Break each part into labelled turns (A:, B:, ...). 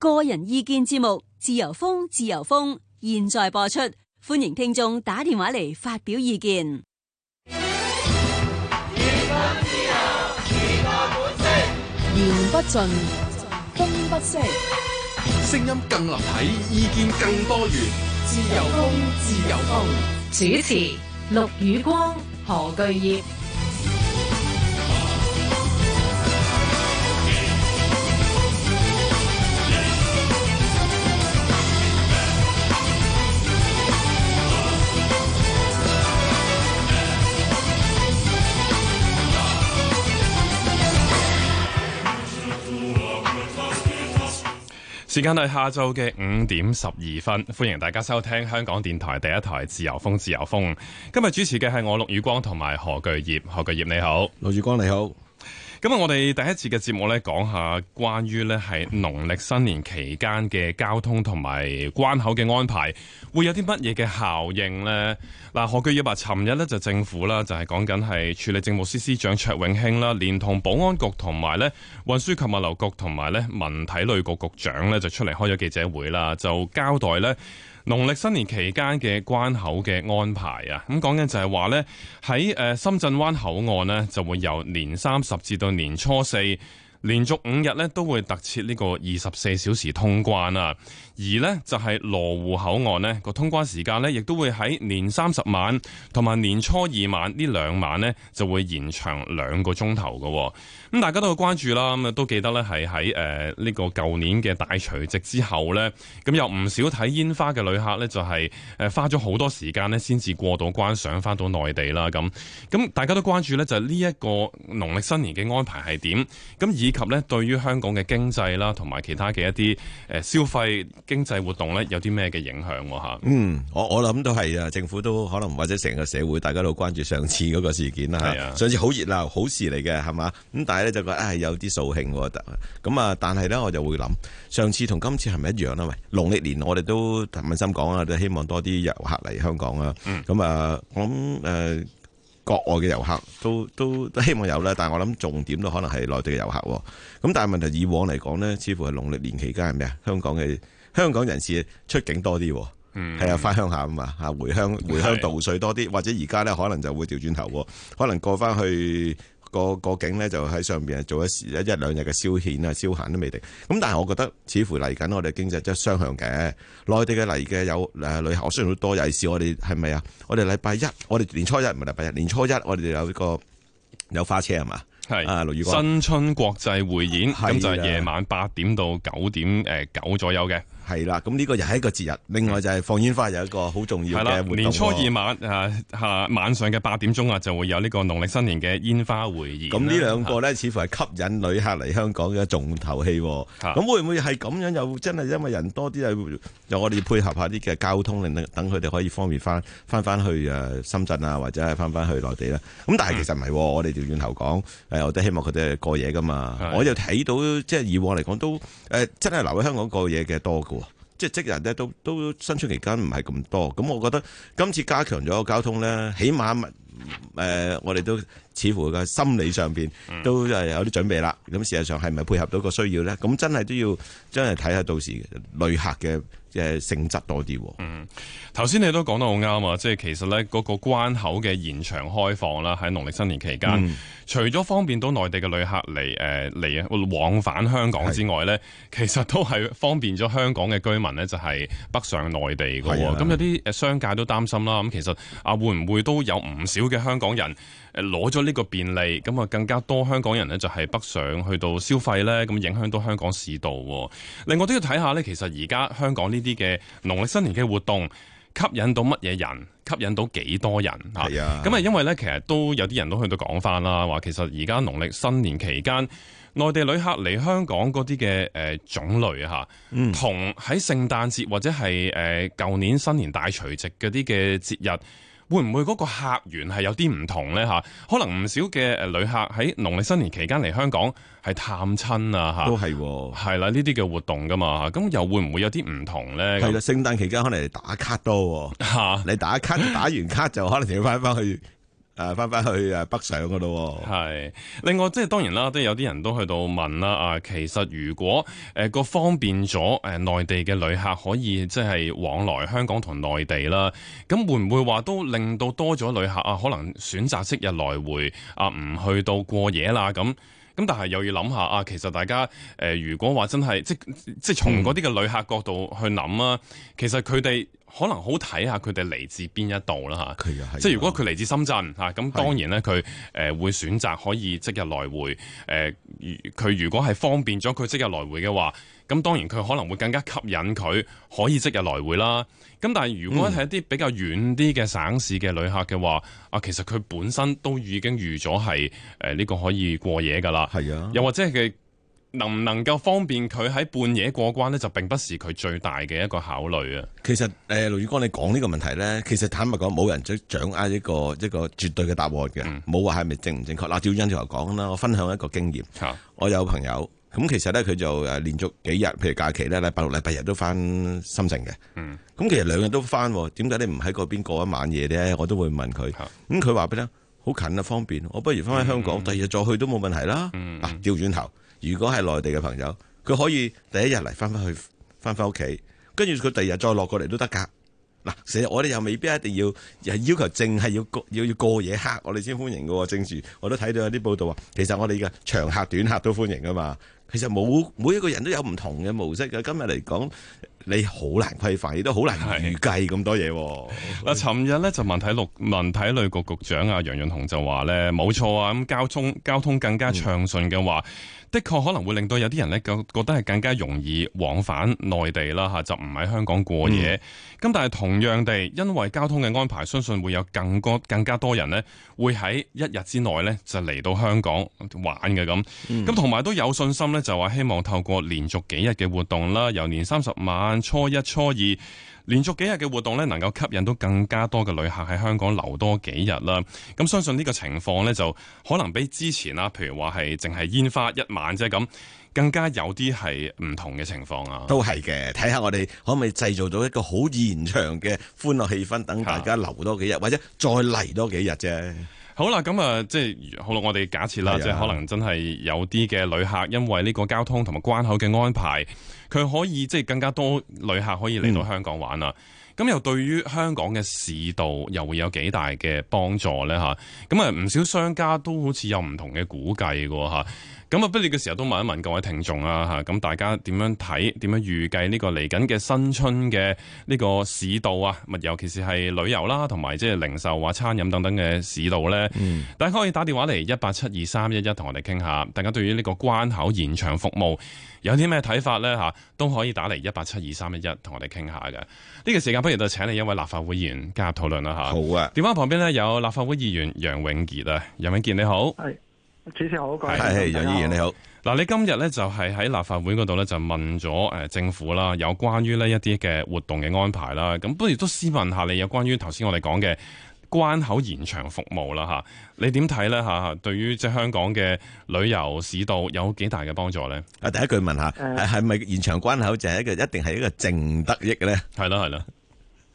A: 個人意見節目，自由風，自由風，現在播出，歡迎聽眾打電話嚟發表意見。言不盡，風不息，
B: 聲音更立體，意見更多元。自由風，自由
C: 風，
D: 主持陸宇光、何巨業。
E: 時間係下晝嘅五點十二分，歡迎大家收聽香港電台第一台自由風。自由風，今日主持嘅係我陸宇光同埋何巨業。何巨業你好，陸宇光你好。咁啊，我哋第一次嘅節目咧，講下關於咧係農曆新年期間嘅交通同埋關口嘅安排，會有啲乜嘢嘅效應呢？嗱，何居要華，尋日咧就政府啦，就係講緊係處理政務司司長卓永興啦，連同保安局同埋咧運輸及物流局同埋咧文體類局局長咧就出嚟開咗記者會啦，就交代咧。農曆新年期間嘅關口嘅安排啊，咁講緊就係話呢，喺誒深圳灣口岸呢，就會由年三十至到年初四連續五日呢，都會特設呢個二十四小時通關啊。而呢，就係羅湖口岸呢個通關時間呢，亦都會喺年三十晚同埋年初二晚呢兩晚呢，就會延長兩個鐘頭嘅。咁大家都會關注啦。咁啊都記得呢係喺呢個舊年嘅大除夕之後呢。咁有唔少睇煙花嘅旅客呢，就係花咗好多時間呢先至過到關上返到內地啦。咁咁大家都關注呢，就係呢一個農曆新年嘅安排係點？咁以及呢，對於香港嘅經濟啦，同埋其他嘅一啲
A: 消費。經濟活動咧有啲咩嘅影響喎？嗯，我我諗都係啊，政府都可能或者成個社會大家都關注上次嗰個事件啦。係啊，上次好熱鬧，好事嚟嘅係嘛？咁但係咧就覺得係，哎、有啲掃興。咁啊，但係咧我就會諗上次同今次係咪一樣咧？喂，農曆年我哋都文心講啊，嗯呃，都希望多啲遊客嚟香港啊。咁啊，我諗誒國外嘅遊客都都希望有啦，但係我諗重點都可能係內地嘅遊客。咁但係問題以往嚟講呢，似乎係農曆年期間係咩啊？香港嘅香港人士出境多啲，係啊、嗯，翻鄉下啊嘛，啊回鄉回鄉度歲多啲，的或者而家咧可能就會調轉頭，可能過翻去過過境咧就喺上邊啊做一時一兩日嘅消遣啊消閒都未定。咁但係我覺得似乎嚟緊我哋經濟真係雙向嘅，內地嘅嚟嘅有誒旅客雖然好多，尤其是我哋係咪啊？我哋禮拜一，我哋年初一唔係禮拜一，年初一我哋有呢個有花車係嘛？
E: 係的啊，新春國際匯演咁就夜晚八點到九點
A: 誒九、呃的呃、左右嘅。係啦，咁呢個又係一個節日。另外就係放煙花，有一個好重要嘅活動。年初二
E: 晚啊，晚上嘅八點鐘啊，就會有呢個農曆新年嘅煙花匯演。咁呢兩
A: 個咧，似乎係吸引旅客嚟香港嘅重頭戲。咁的會唔會係咁樣？又真係因為人多啲啊？又我哋配合下啲嘅交通，令等佢哋可以方便翻翻翻去深圳啊，或者係翻翻去內地咧。咁但係其實唔係的，我哋調轉頭講，我都希望佢哋過夜㗎嘛。我又睇到即係以往嚟講都真係留喺香港過夜嘅多的即係職人咧，都都新春期間唔係咁多，咁我覺得今次加強咗個交通咧，起碼物、呃、我哋都似乎個心理上邊都係有啲準備啦。咁事實上係咪配合到個需要咧？咁真係都要真係睇下到時旅客嘅。誒性質多啲，嗯，
E: 頭先你都講得好啱啊！即係其實呢嗰個關口嘅延長開放啦，喺農曆新年期間，嗯、除咗方便到內地嘅旅客嚟誒嚟啊往返香港之外呢是其實都係方便咗香港嘅居民呢就係北上內地㗎喎。咁有啲誒商界都擔心啦。咁其實啊，會唔會都有唔少嘅香港人？攞咗呢個便利，咁啊更加多香港人咧就係北上去到消費呢，咁影響到香港市道。另外都要睇下呢，其實而家香港呢啲嘅農曆曆新年嘅活動，吸引到乜嘢人，吸引到幾多人。係啊呀，咁啊因為呢，其實都有啲人都去到講翻啦，話其實而家農曆新年期間，內地旅客嚟香港嗰啲嘅誒種類嚇，同喺聖誕節或者係誒舊年新年大除夕嗰啲嘅節日。會唔會嗰個客源係有啲唔同咧？可能唔少嘅誒旅客喺農曆新年期間嚟香港係探親啊都係是喎、啊啊，係啦呢啲嘅活動噶嘛，
A: 咁又會唔會有啲唔同咧？其實，聖誕期間可能打卡多喎，你打卡、啊啊、你打卡，打完卡就可能要翻翻去。 啊，翻翻去啊北上嗰度，係。
E: 另外，即係當然啦，都有啲人都去到問啦。啊，其實如果誒個、呃、方便咗，誒、呃、內地嘅旅客可以即係往來香港同內地啦，咁會唔會話都令到多咗旅客啊？可能選擇即日來回啊，唔去到過夜啦。咁咁，但係又要諗下啊，其實大家誒、呃，如果話真係即即從嗰啲嘅旅客角度去諗啊，其實佢哋。可能好睇下佢哋嚟自邊一度啦嚇，佢又係，即係如果佢嚟自深圳嚇，咁當然咧佢誒會選擇可以即日來回誒，佢的、呃、如果係方便咗佢即日來回嘅話，咁當然佢可能會更加吸引佢可以即日來回啦。咁但係如果係一啲比較遠啲嘅省市嘅旅客嘅話，啊的其實佢本身都已經預咗係誒呢個可以過夜噶啦，係啊的，又或者係佢，能唔能夠方便佢喺半夜過關呢？就並不是佢最大嘅一個考
A: 慮啊。其實，誒、呃，盧宇光你講呢個問題咧，其實坦白講，冇人掌握一個一個絕對嘅答案嘅，冇話係咪正唔正確。嗱，照因頭講啦，我分享一個經驗，嗯、我有朋友咁，其實咧佢就誒連續幾日，譬如假期咧，禮拜六、禮拜日都翻深圳嘅。咁、嗯、其實兩日都翻，點解你唔喺嗰邊過一晚夜咧？我都會問佢。咁佢話俾你好近啊，方便，我不如翻翻香港，嗯、第二日再去都冇問題啦。嗯，啊，調轉頭。如果係內地嘅朋友，佢可以第一日嚟翻翻去翻翻屋企，跟住佢第二日再落過嚟都得㗎。嗱，成日我哋又未必一定要，要求淨係要要要過夜客，我哋先歡迎喎。正住我都睇到有啲報道話，其實我哋嘅長客短客都歡迎㗎嘛。其實冇每一個人都有唔同嘅模式㗎。今日嚟講。你好難規範，亦都好難預計咁多嘢，啊。嗱，尋
E: 日咧就文體六文體旅局局長啊楊潤雄就話：「咧，冇錯啊，咁交通交通更加暢順嘅話，嗯、的確可能會令到有啲人咧覺覺得係更加容易往返內地啦吓，就唔喺香港過夜。咁、嗯、但係同樣地，因為交通嘅安排，相信會有更多更加多人咧，會喺一日之內咧就嚟到香港玩嘅咁。咁同埋都有信心咧，就話希望透過連續幾日嘅活動啦，由年三十晚、初一、初二，連續幾日嘅活動咧，能夠吸引到更加多嘅旅客喺香港留多幾日啦。咁相信呢個情況呢，就可能比之前啦，譬如話係淨係煙花一晚啫，咁更加有啲係唔同嘅情況啊。都係
A: 嘅，睇下我哋可唔可以製造到一個好延長嘅歡樂氣氛，等大家留多幾日，或者再嚟多幾日啫。
E: 好啦，咁啊，即係好啦，我哋假設啦，即係可能真係有啲嘅旅客，因為呢個交通同埋關口嘅安排，佢可以即係更加多旅客可以嚟到香港玩啊。嗯咁又對於香港嘅市道又會有幾大嘅幫助呢？吓、啊，咁啊唔少商家都好似有唔同嘅估計嘅吓，咁啊不嬲嘅時候都問一問各位聽眾啊吓，咁、啊、大家點樣睇？點樣預計呢個嚟緊嘅新春嘅呢個市道啊？啊尤其是係旅遊啦、啊，同埋即係零售或餐飲等等嘅市道呢。嗯，大家可以打電話嚟一八七二三一一同我哋傾下。大家對於呢個關口延長服務有啲咩睇法咧嚇，都可以打嚟一八七二三一一，同我哋傾下嘅。呢個時間不如就請你一位立法會議員加入討論啦嚇。好啊，電話旁邊咧有立法會議員楊永杰啊，楊永杰你好，係，主
B: 持好貴，係係楊議員
E: 你好。嗱你,你今日咧就係喺立法會嗰度咧就問咗誒政府啦，有關於呢一啲嘅活動嘅安排啦。咁不如都先問一下你有關於頭先我哋講嘅。關口延長服務啦，吓你點睇咧？吓對於即係香港嘅
A: 旅遊市道有幾大嘅幫助咧？啊，第一句問一下係咪、呃、延長關口就係一個一定係一個淨得益嘅咧？係咯係咯。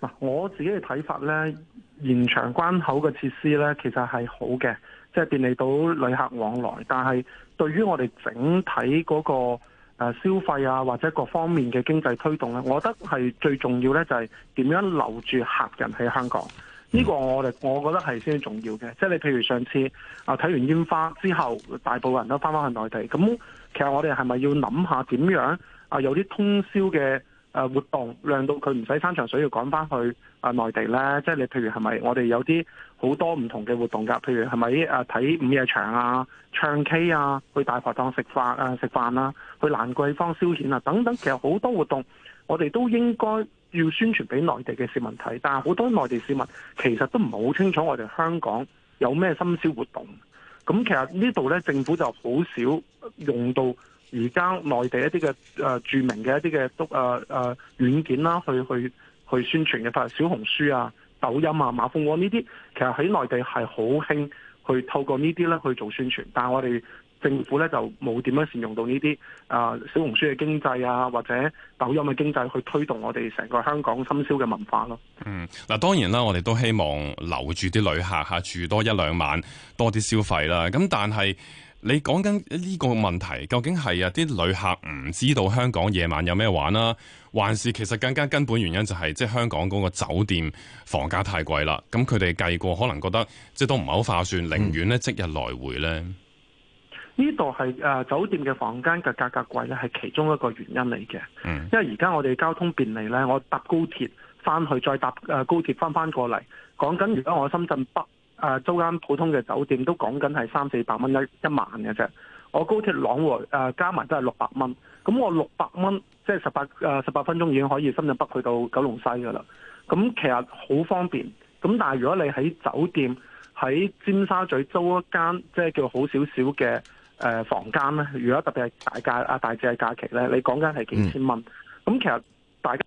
A: 嗱，
B: 我自己嘅睇法咧，延長關口嘅設施咧，其實係好嘅，即係便利到旅客往來。但係對於我哋整體嗰個誒消費啊，或者各方面嘅經濟推動咧，我覺得係最重要咧，就係點樣留住客人喺香港。呢個我哋我覺得係先重要嘅，即係你譬如上次啊，睇完煙花之後，大部分人都翻返去內地，咁其實我哋係咪要諗下點樣啊？有啲通宵嘅。誒活動量到佢唔使山長水遠趕返去啊內地呢，即係、就是、你譬如係咪我哋有啲好多唔同嘅活動㗎？譬如係咪誒睇午夜場啊、唱 K 啊、去大排檔食飯啊、食飯啊去蘭桂坊消遣啊等等，其實好多活動我哋都應該要宣傳俾內地嘅市民睇，但係好多內地市民其實都唔係好清楚我哋香港有咩深宵活動。咁其實呢度呢，政府就好少用到。而家內地一啲嘅誒著名嘅一啲嘅都誒誒軟件啦，去去去宣傳嘅，譬如小紅書啊、抖音啊、馬蜂窩呢啲，其實喺內地係好興去透過呢啲咧去做宣傳，但係我哋政府咧就冇點樣善用到呢啲啊小紅書嘅經濟啊，或者抖音嘅經濟去推動我哋成個香港深宵嘅文化咯。嗯，
E: 嗱當然啦，我哋都希望留住啲旅客嚇住多一兩晚，多啲消費啦。咁但係。你講緊呢個問題，究竟係啊啲旅客唔知道香港夜晚有咩玩啦，還是其實更加根本原因就係即係香港嗰個酒店房價太貴啦？咁佢哋計過，可能覺得即係都唔係好划算，寧願呢即日來回呢。
B: 呢度係誒酒店嘅房間嘅價格貴呢，係其中一個原因嚟嘅。
F: 因
B: 為而家我哋交通便利呢，我搭高鐵翻去，再搭誒高鐵翻翻過嚟。講緊如果我深圳北。誒、啊、租間普通嘅酒店都講緊係三四百蚊一一晚嘅啫，我高鐵朗和誒、啊、加埋都係六百蚊，咁我六百蚊即係十八誒十八分鐘已經可以深圳北去到九龍西㗎喇，咁其實好方便，咁但係如果你喺酒店喺尖沙咀租一間即係叫好少少嘅誒房間咧，如果特別係大假啊大節嘅假期咧，你講緊係幾千蚊，咁其實大家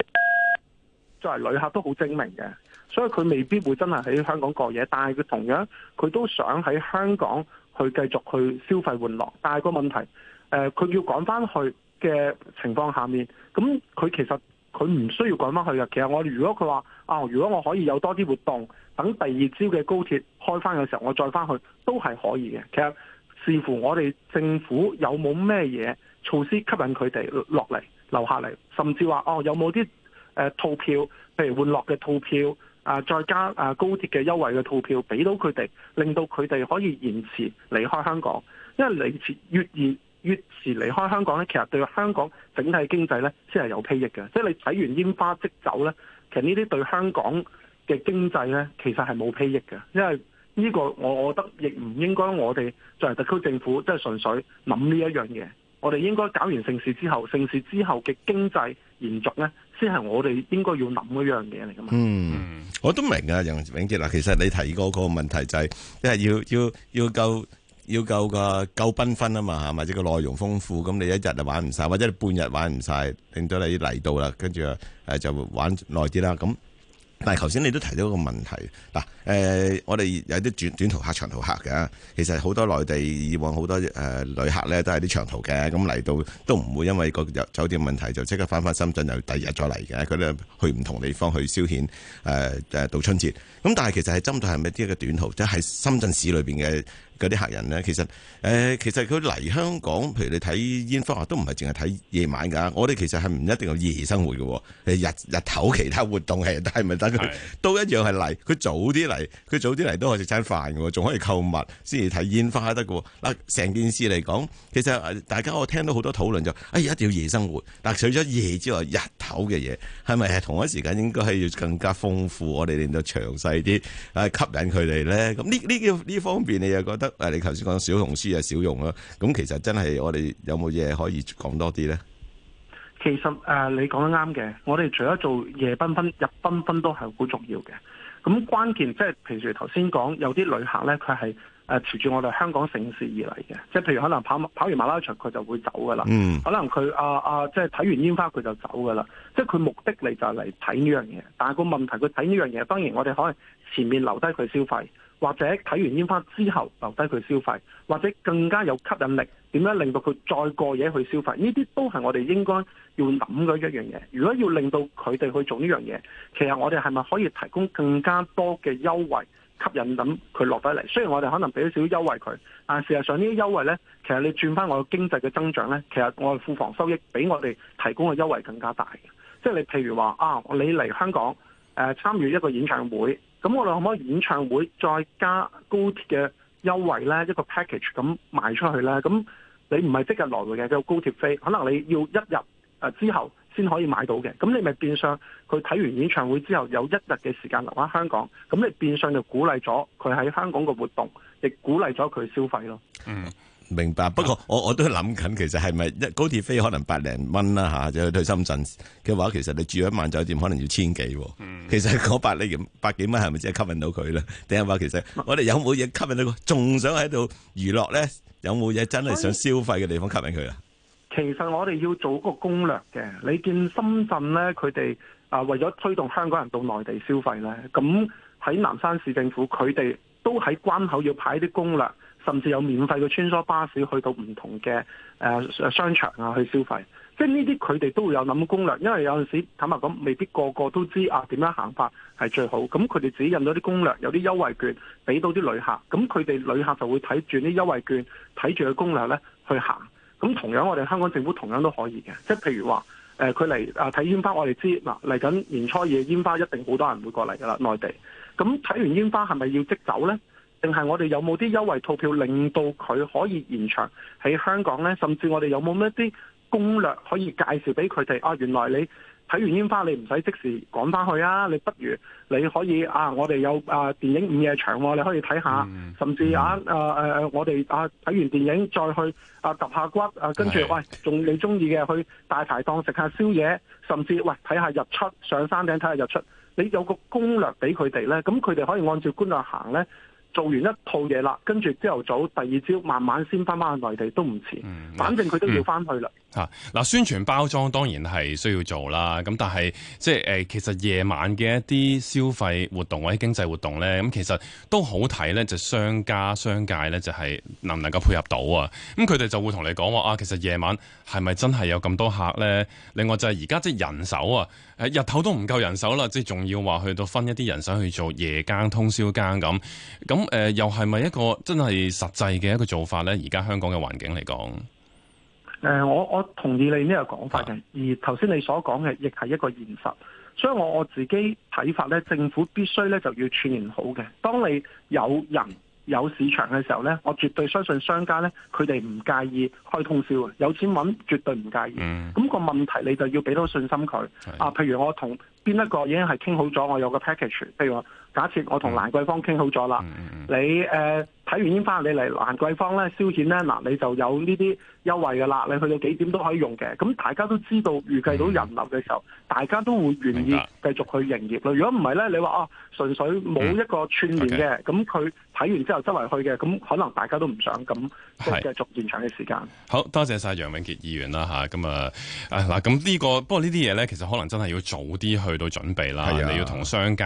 B: 作為旅客都好精明嘅。所以佢未必會真係喺香港過夜。但係佢同樣佢都想喺香港去繼續去消費玩樂。但係個問題，佢要趕返去嘅情況下面，咁佢其實佢唔需要趕返去嘅。其實我如果佢話啊，如果我可以有多啲活動，等第二朝嘅高鐵開返嘅時候，我再返去都係可以嘅。其實視乎我哋政府有冇咩嘢措施吸引佢哋落嚟留下嚟，甚至話哦有冇啲、呃、套票，譬如玩樂嘅套票。啊，再加啊高鐵嘅優惠嘅套票，俾到佢哋，令到佢哋可以延遲離開香港。因為延遲越延越遲離開香港咧，其實對香港整體經濟咧，先係有裨益嘅。即係你睇完煙花即走咧，其實呢啲對香港嘅經濟咧，其實係冇裨益嘅。因為呢個我我覺得亦唔應該，我哋作為特區政府，即係純粹諗呢一樣嘢。.我哋應該搞完盛事之後，盛事之後嘅經濟延續咧，先係我哋應該要諗嗰樣嘢嚟噶嘛。嗯，
A: 我都明啊，楊永杰嗱，其實你提過個問題就係、是，即係要要要夠要夠、啊這個夠繽紛啊嘛係，咪？即個內容豐富，咁你一日就玩唔晒，或者你半日玩唔晒，令到你嚟到啦，跟住誒就玩耐啲啦，咁。但係，頭先你都提到個問題，嗱，誒，我哋有啲短短途客、長途客嘅，其實好多內地以往好多誒旅客咧，都係啲長途嘅，咁嚟到都唔會因為個酒店問題就即刻返返深圳，又第二日再嚟嘅，佢哋去唔同地方去消遣，誒、呃、誒，到春節。咁但係其實係針對係咪啲一個短途，即、就、係、是、深圳市裏邊嘅？嗰啲客人咧，其實誒、呃，其實佢嚟香港，譬如你睇煙花都唔係淨係睇夜晚㗎。我哋其實係唔一定要夜生活嘅，喎。日日頭其他活動係得，係咪得？佢是的 都一樣係嚟。佢早啲嚟，佢早啲嚟都可以食餐飯喎。仲可以購物，先至睇煙花得嘅。嗱，成件事嚟講，其實大家我聽到好多討論就，哎呀，一定要夜生活。嗱，除咗夜之外，日頭嘅嘢係咪係同一時間應該係要更加豐富？我哋令到詳細啲，誒，吸引佢哋咧。咁呢呢個呢方面，你又覺得？誒，你頭先講小紅書又小用啦，咁其實真係我哋有冇嘢可以講多啲咧？
B: 其實誒、呃，你講得啱嘅，我哋除咗做夜繽紛、日繽紛都係好重要嘅。咁關鍵即係，譬如頭先講有啲旅客咧，佢係誒隨住我哋香港城市而嚟嘅，即係譬如可能跑跑完馬拉松佢就會走噶啦，嗯、可能佢阿阿即係睇完煙花佢就走噶啦，即係佢目的嚟，就嚟睇呢樣嘢，但係個問題佢睇呢樣嘢，當然我哋可以前面留低佢消費。或者睇完煙花之後留低佢消費，或者更加有吸引力，點樣令到佢再過夜去消費？呢啲都係我哋應該要諗嘅一樣嘢。如果要令到佢哋去做呢樣嘢，其實我哋係咪可以提供更加多嘅優惠吸引等佢落低嚟？雖然我哋可能俾少少優惠佢，但事實上呢啲優惠咧，其實你轉翻我嘅經濟嘅增長咧，其實我嘅庫房收益比我哋提供嘅優惠更加大。即係、就是、你譬如話啊，你嚟香港。誒參與一個演唱會，咁我哋可唔可以演唱會再加高鐵嘅優惠呢？一個 package 咁賣出去呢？咁你唔係即日來回嘅，即高鐵飛，可能你要一日之後先可以買到嘅，咁你咪變相佢睇完演唱會之後有一日嘅時間留返香港，咁你變相就鼓勵咗佢喺香港嘅活動，亦鼓勵咗佢消費咯。嗯。
A: 明白，不過我我都諗緊，其實係咪一高鐵飛可能百零蚊啦吓就去深圳嘅話，其實你住一晚酒店可能要千幾。嗯、其實嗰百零百幾蚊係咪先吸引到佢咧？定係話其實我哋有冇嘢吸引到佢，仲想喺度娛樂咧？有冇嘢真係想消費嘅地方吸引佢啊？
B: 其實我哋要做個攻略嘅，你見深圳咧，佢哋啊為咗推動香港人到內地消費咧，咁喺南山市政府，佢哋都喺關口要派啲攻略。甚至有免費嘅穿梭巴士去到唔同嘅誒商場啊，去消費。即係呢啲佢哋都會有諗攻略，因為有陣時，坦白講，未必個個都知啊點樣行法係最好。咁佢哋自己印咗啲攻略，有啲優惠券俾到啲旅客。咁佢哋旅客就會睇住啲優惠券，睇住個攻略咧去行。咁同樣我哋香港政府同樣都可以嘅。即係譬如話，誒佢嚟啊睇煙花，我哋知嗱嚟緊年初二嘅煙花一定好多人會過嚟㗎啦，內地。咁睇完煙花係咪要即走咧？定係我哋有冇啲優惠套票令到佢可以延長喺香港呢，甚至我哋有冇咩啲攻略可以介紹俾佢哋啊？原來你睇完煙花你唔使即時趕返去啊！你不如你可以啊，我哋有啊電影午夜場喎，你可以睇下。嗯、甚至啊，、嗯、啊我哋啊睇完電影再去啊揼下骨啊，跟住的喂仲你中意嘅去大排檔食下宵夜，甚至喂睇下日出，上山頂睇下日出。你有個攻略俾佢哋呢，咁佢哋可以按照攻略行呢。做完一套嘢啦，跟住朝頭早第二朝，慢慢先翻翻去內地都唔遲，反正佢都要翻去啦。嗯嗯。
E: 嗱、啊，宣傳包裝當然係需要做啦，咁但係即係誒，其實夜、呃、晚嘅一啲消費活動或者經濟活動咧，咁其實都好睇咧，就商家商界咧，就係、是、能唔能夠配合到啊？咁佢哋就會同你講話啊，其實夜晚係咪真係有咁多客咧？另外就係而家即係人手啊，誒日頭都唔夠人手啦，即係仲要話去到分一啲人手去做夜間通宵更咁，咁誒、呃、又係咪一個真係實際嘅一個做法咧？而家香港嘅環境嚟講。
B: 誒、呃，我我同意你呢個講法嘅，而頭先你所講嘅亦係一個現實，所以我我自己睇法呢，政府必須呢就要串聯好嘅。當你有人有市場嘅時候呢，我絕對相信商家呢，佢哋唔介意開通宵，有錢揾絕對唔介意。咁、嗯、個問題你就要畀到信心佢。啊，譬如我同邊一個已經係傾好咗，我有個 package，譬如話假設我同蘭桂坊傾好咗啦，嗯、你誒。呃睇完煙花，你嚟蘭桂坊咧消遣咧，嗱，你就有呢啲優惠㗎啦，你去到幾點都可以用嘅。咁大家都知道預計到人流嘅時候，嗯、大家都會願意繼續去營業啦。如果唔係咧，你話啊、哦、純粹冇一個串聯嘅，咁佢睇完之後周圍去嘅，咁可能大家都唔想咁都繼續延長嘅時間。
E: 好多謝晒楊永杰議員啦，吓，咁啊，嗱，咁呢個不過呢啲嘢咧，其實可能真係要早啲去到準備啦。的你要同商界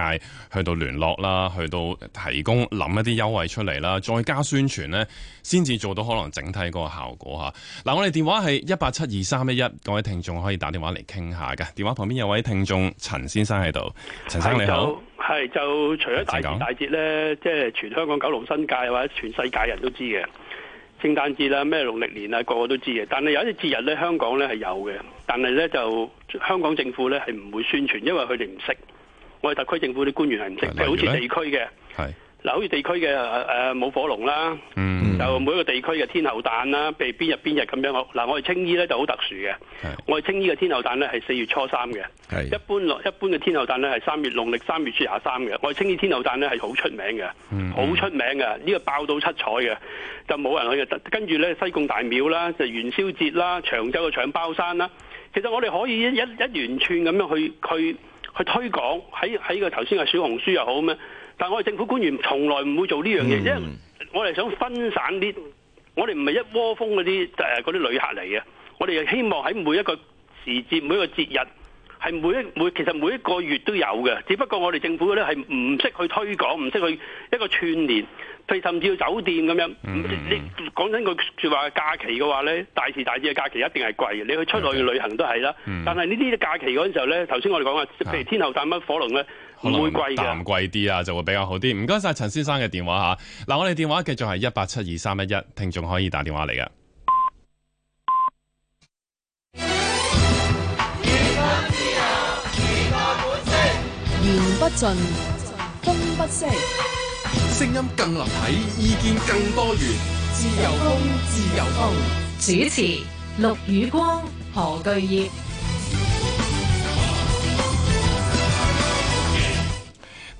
E: 去到聯絡啦，去到提供諗、嗯、一啲優惠出嚟啦。再加宣傳呢，先至做到可能整體嗰個效果吓。嗱，我哋電話係一八七二三一一，各位聽眾可以打電話嚟傾下㗎。電話旁邊有位聽眾陳先生喺度，陳先生你好，
G: 係就，就除咗大大節呢，即係全香港九龍新界或者全世界人都知嘅聖誕節啦，咩農曆年啊，個個都知嘅。但係有一啲節日呢，香港呢係有嘅，但係呢就香港政府呢係唔會宣傳，因為佢哋唔識。我哋特區政府啲官員係唔識，譬如好似地區嘅。係。嗱，好似地區嘅誒舞火龍啦，mm hmm. 就每一個地區嘅天后誕啦，譬如邊日邊日咁樣。嗱，我哋青衣咧就好特殊嘅，我哋青衣嘅天后誕咧係四月初三嘅、mm hmm.。一般落一般嘅天后誕咧係三月農曆三月初廿三嘅。我哋青衣天后誕咧係好出名嘅，好、mm hmm. 出名嘅呢、呢個爆到七彩嘅，就冇人去嘅。跟住咧西貢大廟啦，就元宵節啦，長洲嘅搶包山啦。其實我哋可以一一連串咁樣去去去推廣喺喺個頭先嘅小紅書又好咩。但我哋政府官員從來唔會做呢樣嘢，嗯、因為我哋想分散啲，我哋唔係一窩蜂嗰啲誒啲旅客嚟嘅。我哋希望喺每一個時節、每一個節日，係每一每其實每一個月都有嘅。只不過我哋政府咧係唔識去推廣，唔識去一個串聯，譬如甚至到酒店咁樣。你講真句説話，假期嘅話咧，大時大節嘅假期一定係貴嘅。的你去出外去旅行都係啦。嗯、但係呢啲假期嗰陣時候咧，頭先我哋講話，的譬如天后誕乜火龍咧。會貴，可能淡
E: 貴啲啊，就會比較好啲。唔該晒陳先生嘅電話吓，嗱我哋電話繼續係一八七二三一一，聽眾可以打電話嚟噶。
A: 言不盡，風不息，
B: 聲音更立體，意見更多元，自由風，自由
D: 風。主持：陸宇光、何巨業。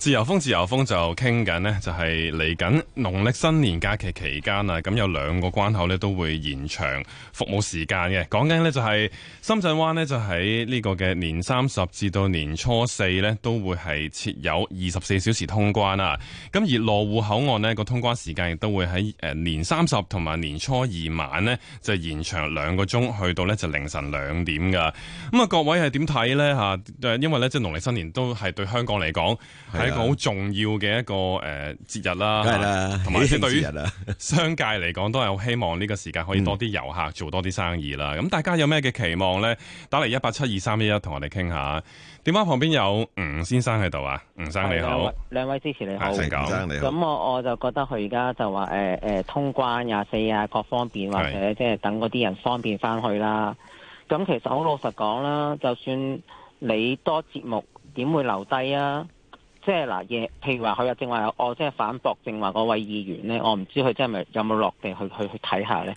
E: 自由風，自由風就傾緊呢，就係嚟緊農曆新年假期期間啊，咁有兩個關口呢，都會延長服務時間嘅。講緊呢，就係、是、深圳灣呢，就喺呢個嘅年三十至到年初四呢，都會係設有二十四小時通關啊。咁而羅湖口岸呢個通關時間亦都會喺、呃、年三十同埋年初二晚呢，就延長兩個鐘去到呢，就凌晨兩點噶。咁啊，各位係點睇呢、啊？因為呢，即、就、係、是、農曆新年都係對香港嚟講的好重要嘅一個誒節日啦，係啦，旅遊節日啦，同埋對於商界嚟講、啊、都係好希望呢個時間可以多啲遊客、嗯、做多啲生意啦。咁大家有咩嘅期望咧？打嚟一八七二三一一同我哋傾下。電話旁邊有吳、嗯、先生喺度啊，吳生你好。兩
C: 位，兩位支持你好，吳是是生你好。咁我我就覺得佢而家就話誒誒通關廿四，啊，24, 各方便或者即係等嗰啲人方便翻去啦。咁的其實好老實講啦，就算你多節目，點會留低啊？即係嗱，嘢，譬如話佢話正話，我即係反駁，正話嗰位議員咧，我唔知佢真係咪有冇落地去去去睇下咧？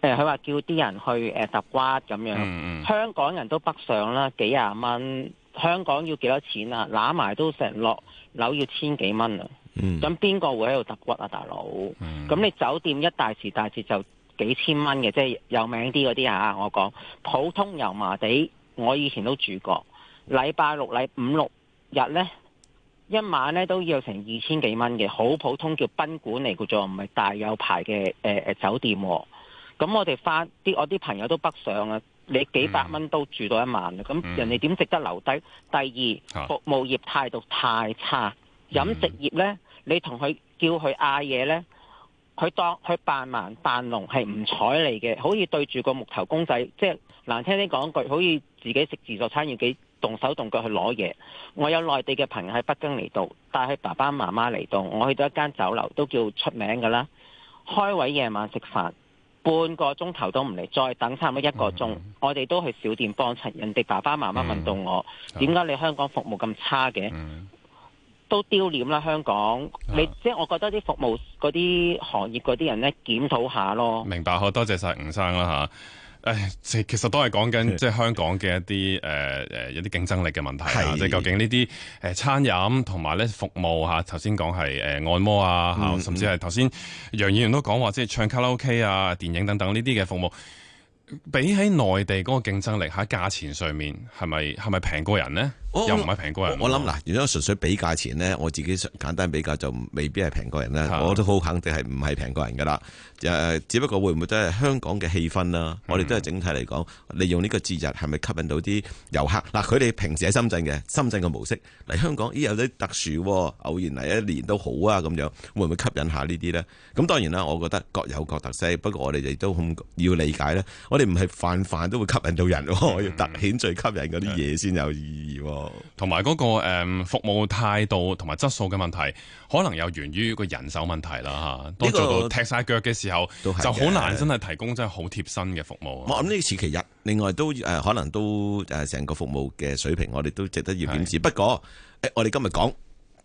C: 佢、呃、話叫啲人去誒揼、呃、骨咁樣，mm. 香港人都北上啦，幾廿蚊，香港要幾多錢啊？攬埋都成落樓要千幾蚊啊！咁邊個會喺度揼骨啊，大佬？咁、mm. 你酒店一大時大節就幾千蚊嘅，即係有名啲嗰啲啊。我講普通油麻地，我以前都住過，禮拜六禮五六日咧。一晚咧都要成二千幾蚊嘅，好普通叫賓館嚟嘅啫，唔係大有牌嘅誒誒酒店。咁我哋翻啲我啲朋友都北上啊，你幾百蚊都住到一晚啦，咁人哋點值得留低？第二，服務業態度太差，飲食業咧，你同佢叫佢嗌嘢咧，佢當佢扮盲扮聾係唔睬你嘅，好似對住個木頭公仔，即係難聽啲講句，好似自己食自助餐要幾？動手動腳去攞嘢，我有內地嘅朋友喺北京嚟到，帶佢爸爸媽媽嚟到，我去到一間酒樓都叫出名㗎啦，開位夜晚食飯，半個鐘頭都唔嚟，再等差唔多一個鐘，嗯、我哋都去小店幫襯，人哋爸爸媽媽問到我，點解、嗯、你香港服務咁差嘅，嗯、都丟臉啦香港，你即係、啊、我覺得啲服務嗰啲行業嗰啲人咧檢討下咯。
E: 明白好多謝晒吳生啦嚇。誒，其實都係講緊即係香港嘅一啲誒誒，一啲競爭力嘅問題，係即係究竟呢啲誒餐飲同埋咧服務吓，頭先講係誒按摩啊，嗯、甚至係頭先楊議員都講話，即係唱卡拉 OK 啊、電影等等呢啲嘅服務，比喺內地嗰個競爭力喺價錢上面，係咪係咪平過人咧？又唔係平過人。我，我諗嗱，
A: 如果純粹比價錢呢，我自己簡單比較就未必係平過人是的 我都好肯定係唔係平過人噶啦。只不過會唔會都係香港嘅氣氛啦？是的 我哋都係整體嚟講，利用呢個節日係咪吸引到啲遊客？嗱，佢哋平時喺深圳嘅，深圳嘅模式嚟香港咦有啲特殊喎，偶然嚟一年都好啊咁樣，會唔會吸引下呢啲呢？咁當然啦，我覺得各有各特色。不過我哋亦都要理解呢，我哋唔係泛泛都會吸引到人，是的 我要特顯最吸引嗰啲嘢先有意義。同埋嗰個誒服務態度同埋質素嘅問題，可能
E: 又源於個人手問題啦吓，都做到踢晒腳嘅時候，就好難真係提供真係好貼身嘅服務。
A: 我諗呢次其期另外都誒可能都誒成個服務嘅水平，我哋都值得要檢視。的不過誒、欸，我哋今日講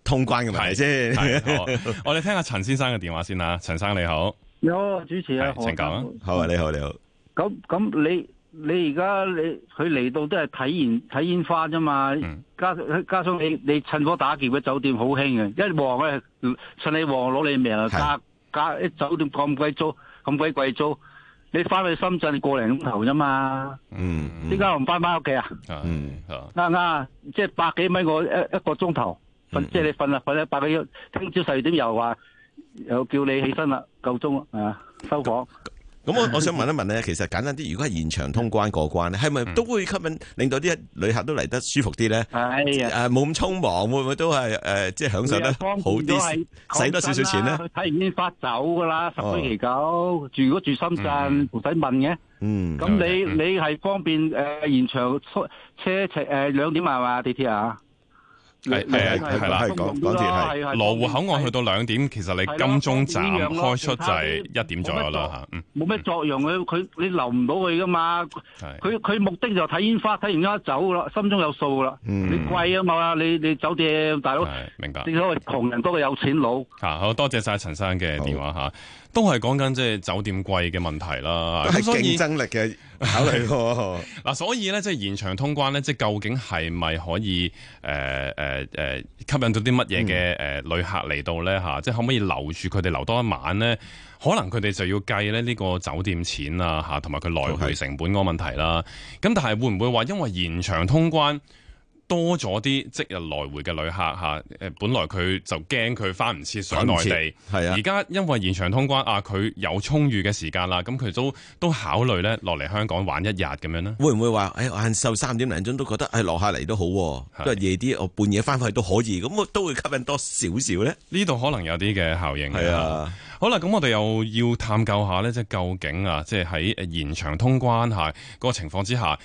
A: 通關嘅問題先 ，
E: 我哋聽下陳先生嘅電話先啊。陳生你好，有，主持的啊，請講啊。好啊，你好你
F: 好。咁咁你？你而家你佢嚟到都係睇煙睇煙花啫嘛，加加上你你趁火打劫嘅酒店好興嘅，一旺佢趁你旺攞你命啊！加加是一酒店咁貴租咁鬼貴租，你翻去深圳過個零鐘頭啫嘛，
E: 嗯，點
F: 解我唔翻返屋企啊？啊嗯，啱啱即係百幾米，我一一個鐘頭瞓，即係你瞓啦，瞓一百幾，聽朝十二點又話又叫你起身啦，夠鐘啦，啊，收房。
A: 咁我我想問一問咧，其實簡單啲，如果係現場通關過關咧，係咪都會吸引令到啲旅客都嚟得舒服啲咧？係啊，誒冇咁匆忙，會唔會都係誒即係享受得好啲，使多少少錢咧？
F: 睇完煙花走噶啦，十居其九，住如果住深圳唔使問嘅。嗯，咁你你係方便誒現場出車程誒兩點係嘛地鐵啊？係係係啦，講講住係。是是羅湖
E: 口岸去到兩點。是的其實你金鐘站的開出就係一點左右啦嚇。
F: 冇咩作用嘅，佢你留唔到佢噶嘛。佢佢目的就睇煙花，睇完煙花走啦，心中有數啦。你貴啊嘛，你你酒店大佬，明白。正所謂窮人多過有錢佬。
E: 啊，好多謝晒陳生嘅電話嚇。都係講緊即係酒店貴嘅問題啦，咁所以競爭
A: 力嘅考慮。
E: 嗱是吧，所以咧即係延長通關咧，即係究竟係咪可以誒誒誒吸引到啲乜嘢嘅誒旅客嚟到咧吓？即係可唔可以留住佢哋留多一晚咧？可能佢哋就要計咧呢個酒店錢啊吓，同埋佢來回成本嗰個問題啦。咁、嗯、但係會唔會話因為延長通關？多咗啲即日來回嘅旅客吓，誒本來佢就驚佢翻唔切上內地，係啊，啊，而家因為延長通關啊，佢有充裕嘅時間啦，咁佢都
A: 都考慮咧落嚟香港玩一日咁樣咧。會唔會話誒晏晝三點零鐘都覺得誒落下嚟都好，啊，都係夜啲我半夜翻返去都可以，咁我都會吸引多少少咧？呢度可
E: 能有啲嘅效應。係啊，好啦，咁我哋又要探究下咧，即係究竟啊，即係喺誒延長通關吓嗰個情況之下。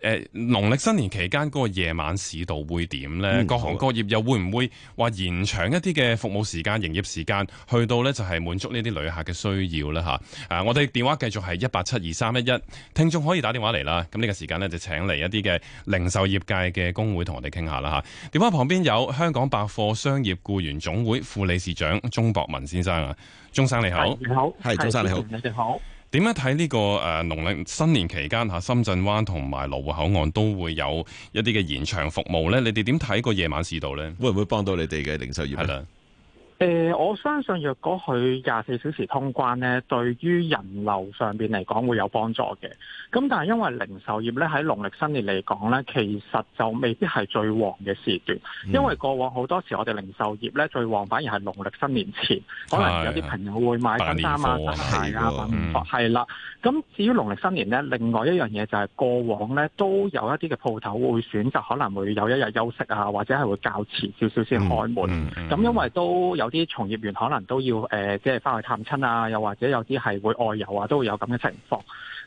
E: 誒，農曆新年期間嗰個夜晚市道會點呢？嗯、各行各業又會唔會話延長一啲嘅服務時間、營業時間，去到呢就係滿足呢啲旅客嘅需要呢吓，啊，我哋電話繼續係一八七二三一一，聽眾可以打電話嚟啦。咁呢個時間呢就請嚟一啲嘅零售業界嘅工會同我哋傾下啦。吓、啊，電話旁邊有香港百貨商業僱員總會副理事長鍾博文先生啊，鍾生你好，你好，係鍾生你好，你好。點樣睇呢個誒農曆新年期間吓，深圳灣同埋羅湖口岸都會有一啲嘅延長服務呢？你哋點睇個夜晚市道呢？會唔會幫到你哋嘅零售業？係啦
D: 誒、呃，我相信若果佢廿四小時通關呢，對於人流上面嚟講會有幫助嘅。咁但係因為零售業咧，喺農曆新年嚟講呢，其實就未必係最旺嘅時段，嗯、因為過往好多時我哋零售業呢，最旺反而係農曆新年前，的可能有啲朋友會買新衫啊、新鞋啊、新服，係啦。咁至於農曆新年呢，另外一樣嘢就係過往呢，都有一啲嘅鋪頭會選擇可能會有一日休息啊，或者係會較遲少少先開門。咁、嗯嗯嗯、因為都有。啲從業員可能都要誒、呃，即係翻去探親啊，又或者有啲係會外遊啊，都會有咁嘅情況。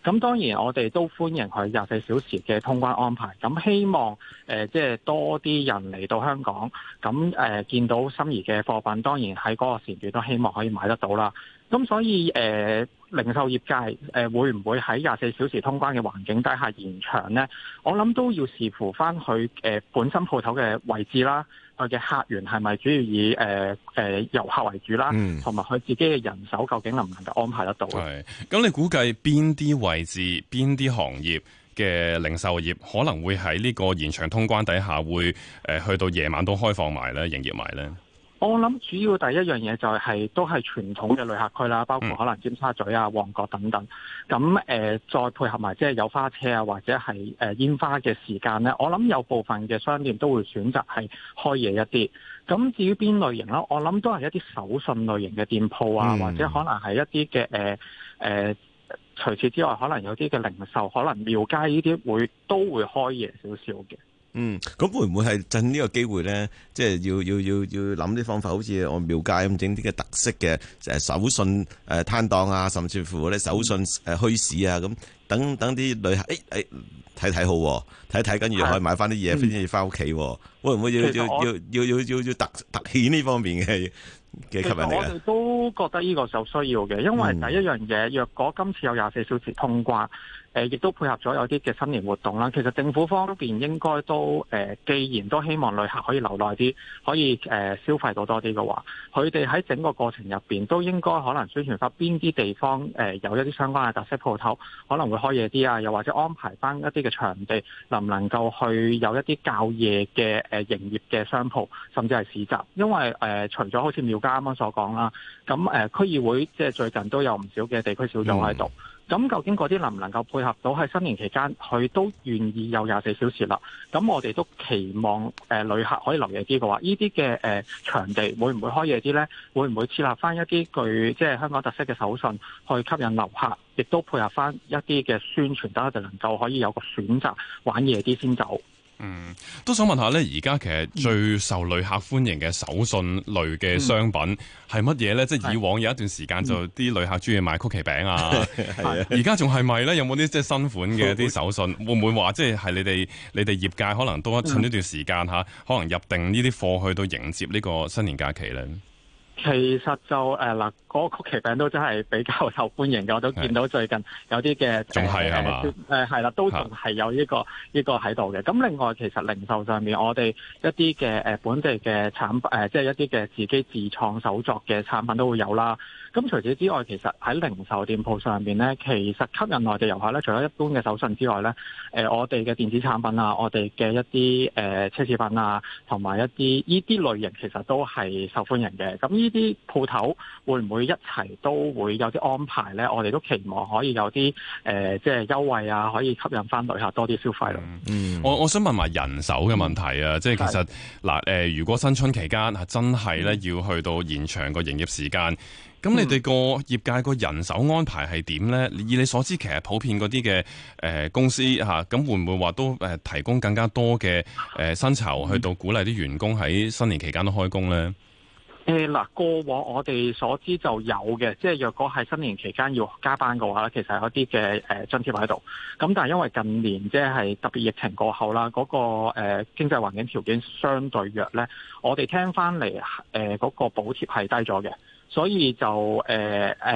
D: 咁當然我哋都歡迎佢廿四小時嘅通關安排。咁希望誒、呃，即係多啲人嚟到香港，咁誒、呃、見到心儀嘅貨品，當然喺嗰個時段都希望可以買得到啦。咁所以誒、呃，零售業界誒會唔會喺廿四小時通關嘅環境底下延長呢？我諗都要視乎翻佢誒本身鋪頭嘅位置啦。佢嘅客源係咪主要以誒誒、呃呃、遊客為主
E: 啦，嗯，同埋佢自己嘅人手究竟能唔能夠安排得到咧？咁你估計邊啲位置、邊啲行業嘅零售業可能會喺呢個延長通關底下會誒、呃、去到夜晚都開放埋咧、營業埋咧？
D: 我諗主要第一樣嘢就係、是、都係傳統嘅旅客區啦，包括可能尖沙咀啊、旺角等等。咁誒、呃，再配合埋即係有花車啊，或者係誒煙花嘅時間呢，我諗有部分嘅商店都會選擇係開夜一啲。咁至於邊類型啦，我諗都係一啲手信類型嘅店鋪啊，嗯、或者可能係一啲嘅誒誒，除、呃呃、此之外，可能有啲嘅零售，可能廟街呢啲會都會開夜少少嘅。
A: 嗯，咁會唔會係趁呢個機會咧？即係要要要要諗啲方法，好似我廟街咁整啲嘅特色嘅誒手信誒攤檔啊，甚至乎咧手信誒虛市啊，咁等等啲旅客誒誒睇睇好，睇睇跟住可以買翻啲嘢先至翻屋企，會唔會要要要要要要要，要，要突凸顯呢方面嘅？嗯、其實我哋
D: 都覺得呢個就需要嘅，因為第一樣嘢，若果今次有廿四小時通關，誒、呃、亦都配合咗有啲嘅新年活動啦。其實政府方面應該都、呃、既然都希望旅客可以留耐啲，可以、呃、消費到多啲嘅話，佢哋喺整個過程入面都應該可能宣傳翻邊啲地方、呃、有一啲相關嘅特色鋪頭可能會開夜啲啊，又或者安排翻一啲嘅場地，能唔能夠去有一啲較夜嘅誒、呃、營業嘅商鋪，甚至係市集，因為、呃、除咗好似廟，而家啱啱所講啦，咁誒區議會即係最近都有唔少嘅地區小組喺度，咁、嗯、究竟嗰啲能唔能夠配合到喺新年期間，佢都願意有廿四小時啦？咁我哋都期望誒、呃、旅客可以留夜啲嘅話，呢啲嘅誒場地會唔會開夜啲呢？會唔會設立翻一啲具即係香港特色嘅手信，去吸引留客，亦都配合翻一啲嘅宣傳，等佢能夠可以有個選擇玩夜啲先走。
E: 嗯，都想問下咧，而家其實最受旅客歡迎嘅手信類嘅商品係乜嘢咧？嗯嗯、即係以往有一段時間就啲旅客中意買曲奇餅啊，係啊、嗯，而家仲係咪咧？有冇啲即係新款嘅啲手信？嗯嗯、會唔會話即係係你哋你哋業界可能都趁呢段時間吓，嗯、可能入定呢啲貨去到迎接呢個新年假期咧？
D: 其實就誒嗱，嗰個曲奇餅都真係比較受歡迎嘅，我都見到最近有啲嘅仲係係嘛誒係啦，都仲係有呢個呢個喺度嘅。咁另外，其實零售上面我哋一啲嘅誒本地嘅產品誒，即係一啲嘅自己自創手作嘅產品都會有啦。咁除此之外，其實喺零售店鋪上面呢，其實吸引內地遊客呢，除咗一般嘅手信之外呢，誒、呃，我哋嘅電子產品啊，我哋嘅一啲誒奢侈品啊，同埋一啲呢啲類型，其實都係受歡迎嘅。咁呢啲鋪頭會唔會一齊都會有啲安排呢？我哋都期望可以有啲誒、呃、即係優惠啊，可以吸引返旅客多啲消費咯。嗯，
E: 我我想問埋人手嘅問題啊，嗯、即係其實嗱誒是、呃，如果新春期間啊，真係呢要去到延長個營業時間。咁你哋個業界個人手安排係點呢？嗯、以你所知，其實普遍嗰啲嘅誒公司吓，咁、啊、會唔會話都誒提供更加多嘅誒薪酬，呃嗯、去到鼓勵啲員工喺新年期間都開工呢？
D: 誒，嗱，過往我哋所知就有嘅，即係若果係新年期間要加班嘅話咧，其實有啲嘅誒津貼喺度。咁、呃、但係因為近年即係特別疫情過後啦，嗰、嗰個誒、呃、經濟環境條件相對弱呢，我哋聽翻嚟誒嗰個補貼係低咗嘅。所以就誒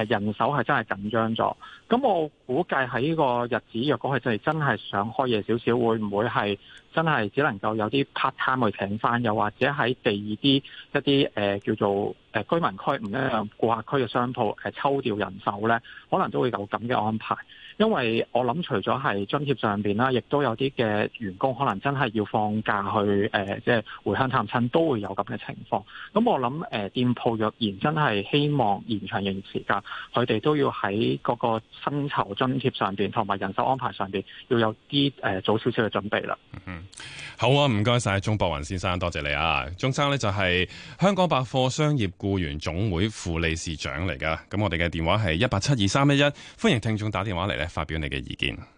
D: 人手係真係緊張咗，咁我估計喺呢個日子，若果係真係真係想開夜少少，會唔會係真係只能夠有啲 part time 去請返，又或者喺第二啲一啲叫做居民區唔一樣顧客區嘅商鋪，抽調人手呢？可能都會有咁嘅安排。因為我諗，除咗係津貼上面啦，亦都有啲嘅員工可能真係要放假去即係回鄉探親，都會有咁嘅情況。咁我諗店鋪若然真係希望延長營業時間，佢哋都要喺嗰個薪酬津貼上面同埋人手安排上面要有啲誒早少少嘅準備啦。嗯
E: 哼，好啊，唔該晒，鍾博文先生，多謝你啊。鍾生呢就係香港百貨商業僱員總會副理事長嚟噶。咁我哋嘅電話係一八七二三一一，歡迎聽眾打電話嚟咧。發表你嘅意見。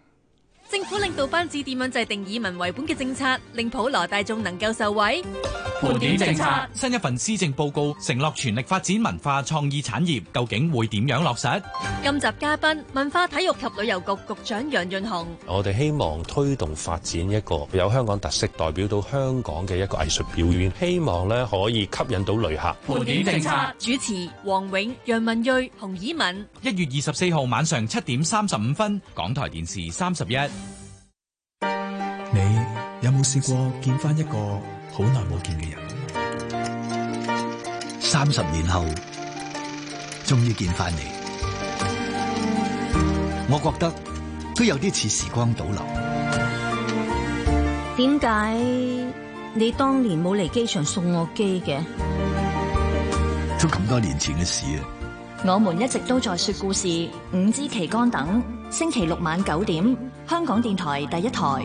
D: 政府領導班子點樣制定以民為本嘅政策，令普羅大眾能夠受惠？盤點政策，
E: 新一份施政報告承諾全力發展
D: 文化創意產業，究竟會點樣落實？今集嘉賓：文化體育及旅遊局局，局長楊潤雄。
E: 我哋希望推動發展一個有香港特色、代表到香港嘅一個藝術表演，希望咧可以吸引到旅客。盤點政策，政策主
D: 持黃永、楊文睿和移民、洪綺文。一月二十四號晚上七點三十五分，港台電視三十一。有冇試過見翻一個好耐冇見嘅人？三十年後，
F: 終於見翻你，我覺得都有啲似時光倒流。
D: 點解你當年冇嚟機場送我機嘅？
G: 都咁多年前嘅事啊！
D: 我們一直都在說故事，五支旗杆等，星期六晚九點，香港電台第一台。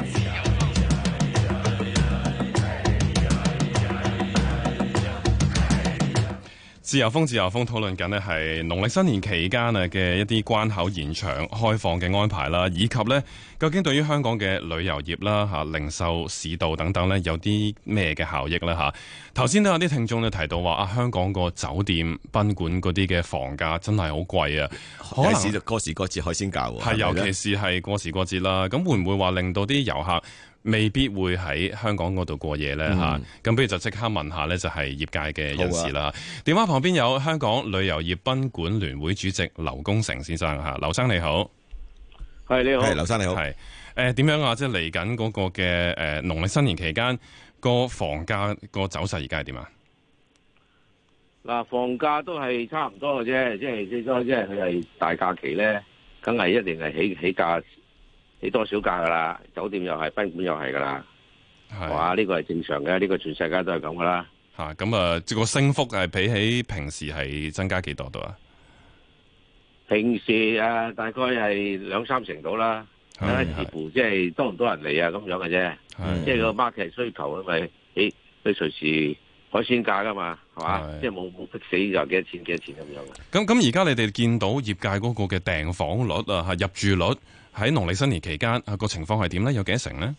E: 自由風，自由風討論緊咧，係農曆新年期間啊嘅一啲關口延長開放嘅安排啦，以及呢究竟對於香港嘅旅遊業啦、零售市道等等呢有啲咩嘅效益呢？頭先都有啲聽眾呢提到話啊，香港個酒店賓館嗰啲嘅房價真係好貴啊！開始就過時過節海鮮價，係尤其是係過時過節啦，咁會唔會話令到啲遊客未必會喺香港嗰度過夜咧吓，咁、嗯、不如就即刻問一下咧，就係業界嘅人士啦。電話旁邊有香港旅遊業賓館聯會主席劉功成先生吓，劉生你好，
G: 係你好，係劉生
E: 你好，係誒點樣啊？即係嚟緊嗰個嘅誒農曆新年期間個房價個走勢而家係點啊？
H: 嗱，房價都係差唔多嘅啫，即係最多即係佢係大假期咧，梗係一定係起起價。你多少價噶啦？酒店又係，賓館又係噶啦。是哇！呢、呢個係正常嘅，呢、呢個全世界都係咁噶啦。吓
E: 咁啊，嗯呢個升幅係比起平時係增加幾多度啊？
H: 平時啊，大概係兩三成度啦。是是啊，似乎即係多唔多人嚟啊，咁樣嘅啫。是即係個 market 需求，因為你你隨時海鮮價噶嘛，係嘛是？即係冇冇逼死就幾多錢幾多錢咁樣。
E: 咁咁而家你哋見到業界嗰個嘅訂房率啊，吓入住率。喺農曆新年期間啊，個情況係點咧？有幾多成咧？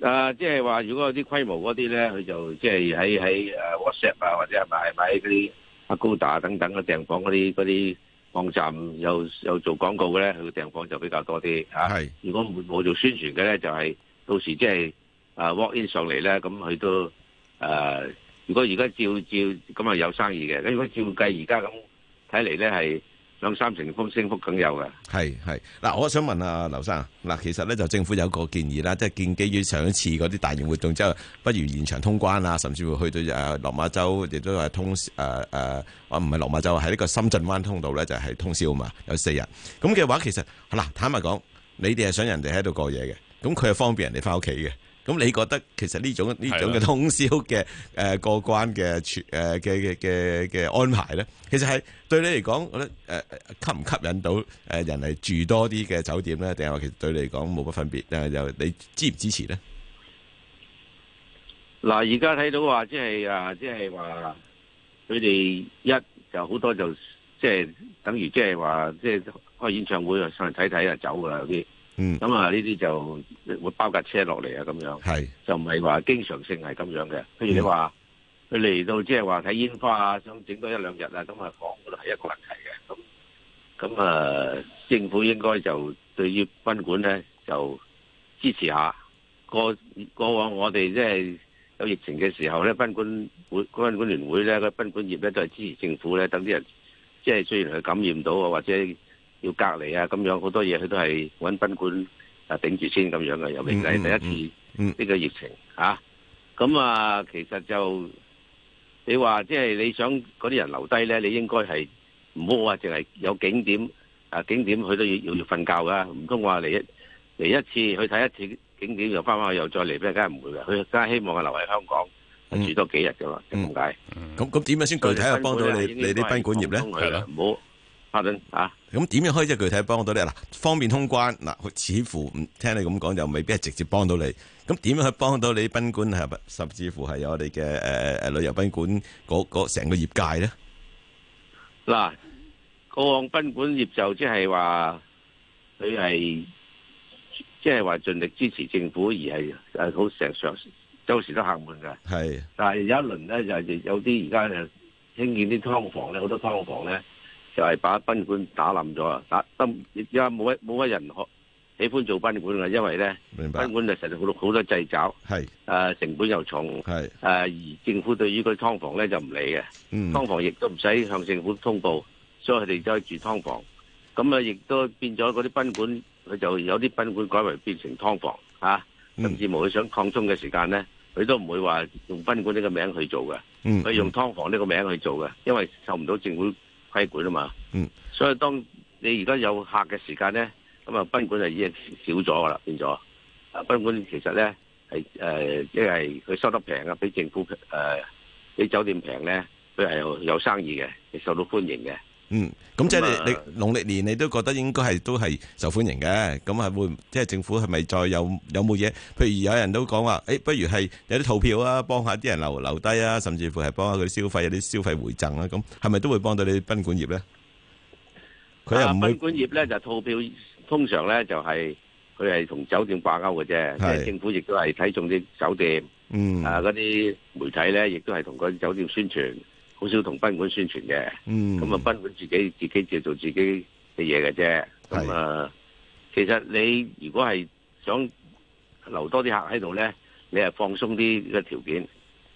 H: 啊，即係話如果啲規模嗰啲咧，佢就即係喺喺誒 WhatsApp 啊，或者係買買嗰啲 Agoda 等等嘅訂房嗰啲嗰啲網站有有做廣告嘅咧，佢嘅訂房就比較多啲是啊。係如果冇做宣傳嘅咧，就係到時即係啊 walk in 上嚟咧，咁佢都誒，如果而家、就是就是呃呃、照照咁啊有生意嘅，如果照計而家咁睇嚟咧係。兩
A: 三成幅升幅梗有嘅，係係嗱，我想問啊，劉生嗱，其實咧就政府有個建議啦，即係建基於上一次嗰啲大型活動之後，不如延長通關啊，甚至乎去到誒落馬洲，亦都係通誒誒，啊唔係落馬洲，喺呢個深圳灣通道咧就係、是、通宵啊嘛，有四日，咁嘅話其實嗱，坦白講，你哋係想人哋喺度過夜嘅，咁佢係方便人哋翻屋企嘅。咁你覺得其實呢種呢種嘅通宵嘅誒的、呃、過關嘅誒嘅嘅嘅嘅安排咧，其實係對你嚟講，我覺得誒吸唔吸引到誒人嚟住多啲嘅酒店咧，定係話其實對你嚟講冇乜分別？誒、呃、又你支唔支持咧？
H: 嗱、就是，而家睇到話，即係啊，即係話佢哋一就好多就即係、就是、等於即係話即係開演唱會啊上嚟睇睇啊，走㗎啦啲。咁、嗯、啊，呢啲就會包架車落嚟啊，咁樣，是就唔係話經常性係咁樣嘅。譬如你話佢嚟到，即係話睇煙花啊，想整多一兩日啊，咁啊，講都係一個問題嘅。咁咁啊，政府應該就對於賓館咧就支持下。過過往我哋即係有疫情嘅時候咧，賓館會嗰賓館聯會咧，個賓館業咧都係支持政府咧，等啲人即係雖然佢感染到啊，或者，要隔離啊，咁樣好多嘢佢都係揾賓館啊頂住先咁樣嘅，尤其係第一次呢個疫情嚇。咁啊，其實就你話即係你想嗰啲人留低咧，你應該係唔好話淨係有景點啊，景點佢都要要要瞓覺㗎，唔通話嚟一嚟一次去睇一次景點又翻返去又再嚟咧，梗係唔會㗎。佢更加希望係留喺香港住多幾日㗎嘛，點
A: 解？咁咁點樣先具體啊幫到你你啲賓館業咧？係咯，唔好。啊！咁點樣可以即係具體幫到你？嗱，方便通關嗱，似乎唔聽你咁講，又未必係直接幫到你。咁點樣去幫到你賓館啊？甚至乎係有我哋嘅誒誒旅遊賓館嗰成個業界咧？
H: 嗱、呃，個、呃、行、呃呃呃、賓館業就即係話你係即係話盡力支持政府，而係誒好成常周時都客滿嘅。係是，但係有一輪咧，就係、是、有啲而家就興建啲湯房咧，好多湯房咧。就係把賓館打冧咗啊！打都而家冇乜冇乜人可喜歡做賓館嘅，因為咧白賓館就成日好多制爪，係誒是、呃、成本又重，係誒而政府對於個劏房咧就唔理嘅，
A: 嗯、劏
H: 房亦都唔使向政府通報，所以佢哋就去住劏房，咁啊亦都變咗嗰啲賓館，佢就有啲賓館改為變成劏房嚇，甚、啊、至、嗯、乎佢想擴充嘅時間咧，佢都唔會話用賓館呢個名去做嘅，佢、嗯、用劏房呢個名去做嘅，因為受唔到政府。規管啊嘛，嗯、所以當你而家有客嘅時間咧，咁啊賓館就已經少咗噶啦，變咗啊賓館其實咧係誒，即係佢收得平啊，比政府誒、呃、比酒店平咧，佢係有，有生意嘅，受到歡迎嘅。
A: 嗯，咁即係你農曆年你都覺得應該係都係受歡迎嘅，咁係會即係政府係咪再有有冇嘢？譬如有人都講話，誒，不如係有啲套票啊，幫下啲人留留低啊，甚至乎係幫下佢消費有啲消費回贈啊，咁係咪都會幫到你賓館業咧？佢啊，賓
H: 館業咧就套票，通常咧就係佢係同酒店掛鈎嘅啫，即係政府亦都係睇中啲酒店，啊嗰啲媒體咧亦都係同嗰啲酒店宣傳。好少同賓館宣傳嘅，咁啊賓館自己自己照做自己嘅嘢嘅啫。咁啊，其實你如果係想留多啲客喺度咧，你係放鬆啲個條件，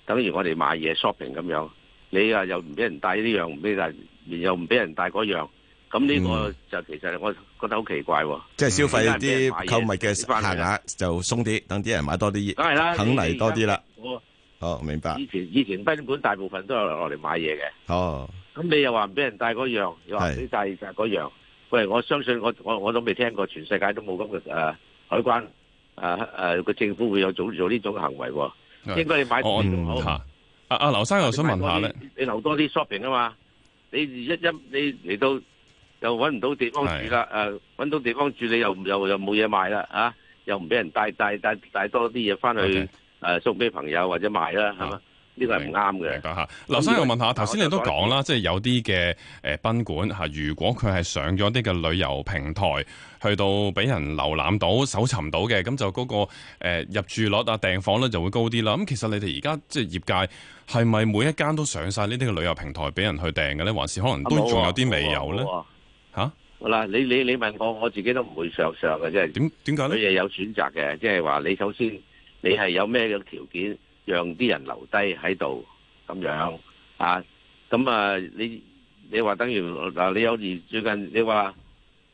H: 等於我哋買嘢 shopping 咁樣。你話又唔俾人帶呢樣，唔俾人又唔俾人帶嗰樣，咁呢個就其實我覺得好奇怪喎。即係消費啲購物
A: 嘅限額就鬆啲，等啲人買多啲，梗係啦，肯嚟多啲啦。哦，明白。以
H: 前以前賓館大部分都有落嚟買嘢嘅。哦，咁你又話唔俾人帶嗰樣，又話俾你帶晒嗰樣。是喂，我相信我我我都未聽過，全世界都冇咁嘅誒海關誒誒個政府會有做做呢種行為喎。是應該你買嘢仲、哦嗯、好。
E: 啊啊，劉生又想問下咧，
H: 你留多啲 shopping 啊嘛？你一一你嚟到又揾唔到地方住啦，誒揾是、啊、到地方住你又又又冇嘢賣啦，啊又唔俾人帶帶帶帶多啲嘢翻去。Okay. 送俾朋友或者賣啦，係嘛、啊？呢、這個係唔啱嘅。講、
E: 嗯、下，劉生又問下，頭先你都講啦，即係有啲嘅誒賓館，如果佢係上咗啲嘅旅遊平台，去到俾人瀏覽到、搜尋到嘅，咁就嗰個入住率啊、訂房咧就會高啲啦。咁其實你哋而家即係業界係咪每一間都上晒呢啲嘅旅遊平台俾人去訂嘅咧，還是可能都仲有啲未有咧？嚇！
H: 嗱，你你你問我，我自己都唔會上上嘅，即係點點解咧？佢係有選擇嘅，即係話你首先。你係有咩嘅條件，讓啲人留低喺度咁樣啊？咁啊，你你話等於嗱，你有時最近你話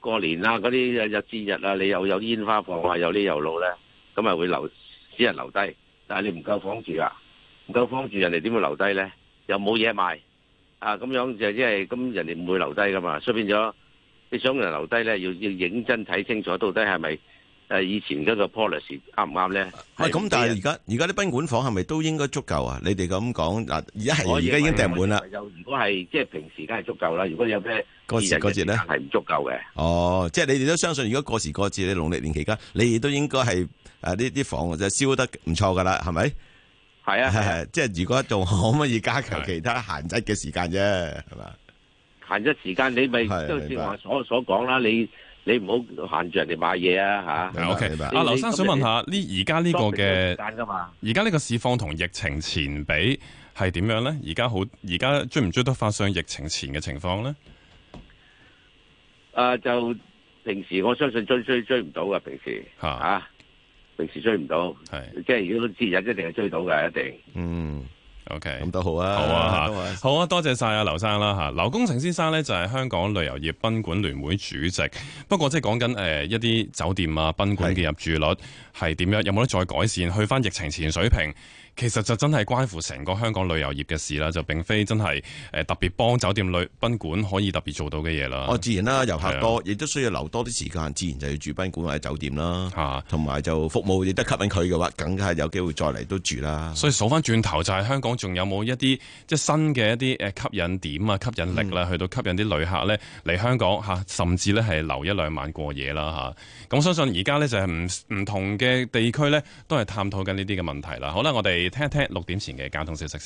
H: 過年啊，嗰啲日節日啊，你又有煙花放啊，有啲遊路咧，咁啊會留啲人留低，但係你唔夠房住啊，唔夠房住人哋點會留低咧？又冇嘢賣啊，咁樣就因為咁人哋唔會留低噶嘛，所以變咗你想人留低咧，要要認真睇清楚，到底係咪？以前嗰個 policy 啱唔啱咧？唔係咁，但係而家
A: 而家啲賓館房係咪都應該足夠啊？你哋咁講嗱，而家係而家已經訂滿啦。又如果係即係平時，梗係足夠啦。如
H: 果有咩過時過節
A: 咧，係唔足夠嘅。哦，即係你哋都相信，如果過時過節你農曆年期間，你哋都應該係誒呢啲房或者燒得唔錯噶啦，係咪？係啊，啊即係如果仲可，唔可以加強其他限制嘅時間啫，係嘛的？吧限制時間你咪都正話
H: 所所講啦，你。你唔好限住人哋買嘢啊吓！OK，阿劉生
A: 想問一下呢，
E: 而家呢個嘅嘛？而家呢個市況同疫情前比係點樣咧？而家好，而家追唔追得翻上疫情前嘅情況咧？
H: 誒、啊，就平時我相信追追追唔到噶，平時
E: 吓、啊啊，平時
H: 追唔到係，是即係如果都前日一定係追到嘅一定嗯。O K，
E: 咁都好啊，好啊，好啊，多謝晒啊，劉生啦吓，劉功成先生呢就係香港旅遊業賓館聯會主席。不過即係講緊誒一啲酒店啊賓館嘅入住率係點樣，有冇得再改善，去翻疫情前水平？其實就真係關乎成個香港旅遊業嘅事啦，就並非真係、呃、特別幫酒店旅賓館可以特別做到嘅嘢啦。我自然啦、啊，遊客多，
A: 亦的都需要留多啲時間，自然就要住賓館或者酒店啦。同埋的就服務亦都吸引佢嘅話，梗係有機會再嚟都住啦。
E: 所以數翻轉頭就係、是、香港仲有冇一啲即係新嘅一啲吸引點啊吸引力啦，嗯、去到吸引啲旅客呢嚟香港、啊、甚至呢係留一兩晚過夜啦咁、啊、相信而家呢，就係唔唔同嘅地區呢，都係探討緊呢啲嘅問題啦。好啦，我哋。聽一聽六點前嘅交通消息先。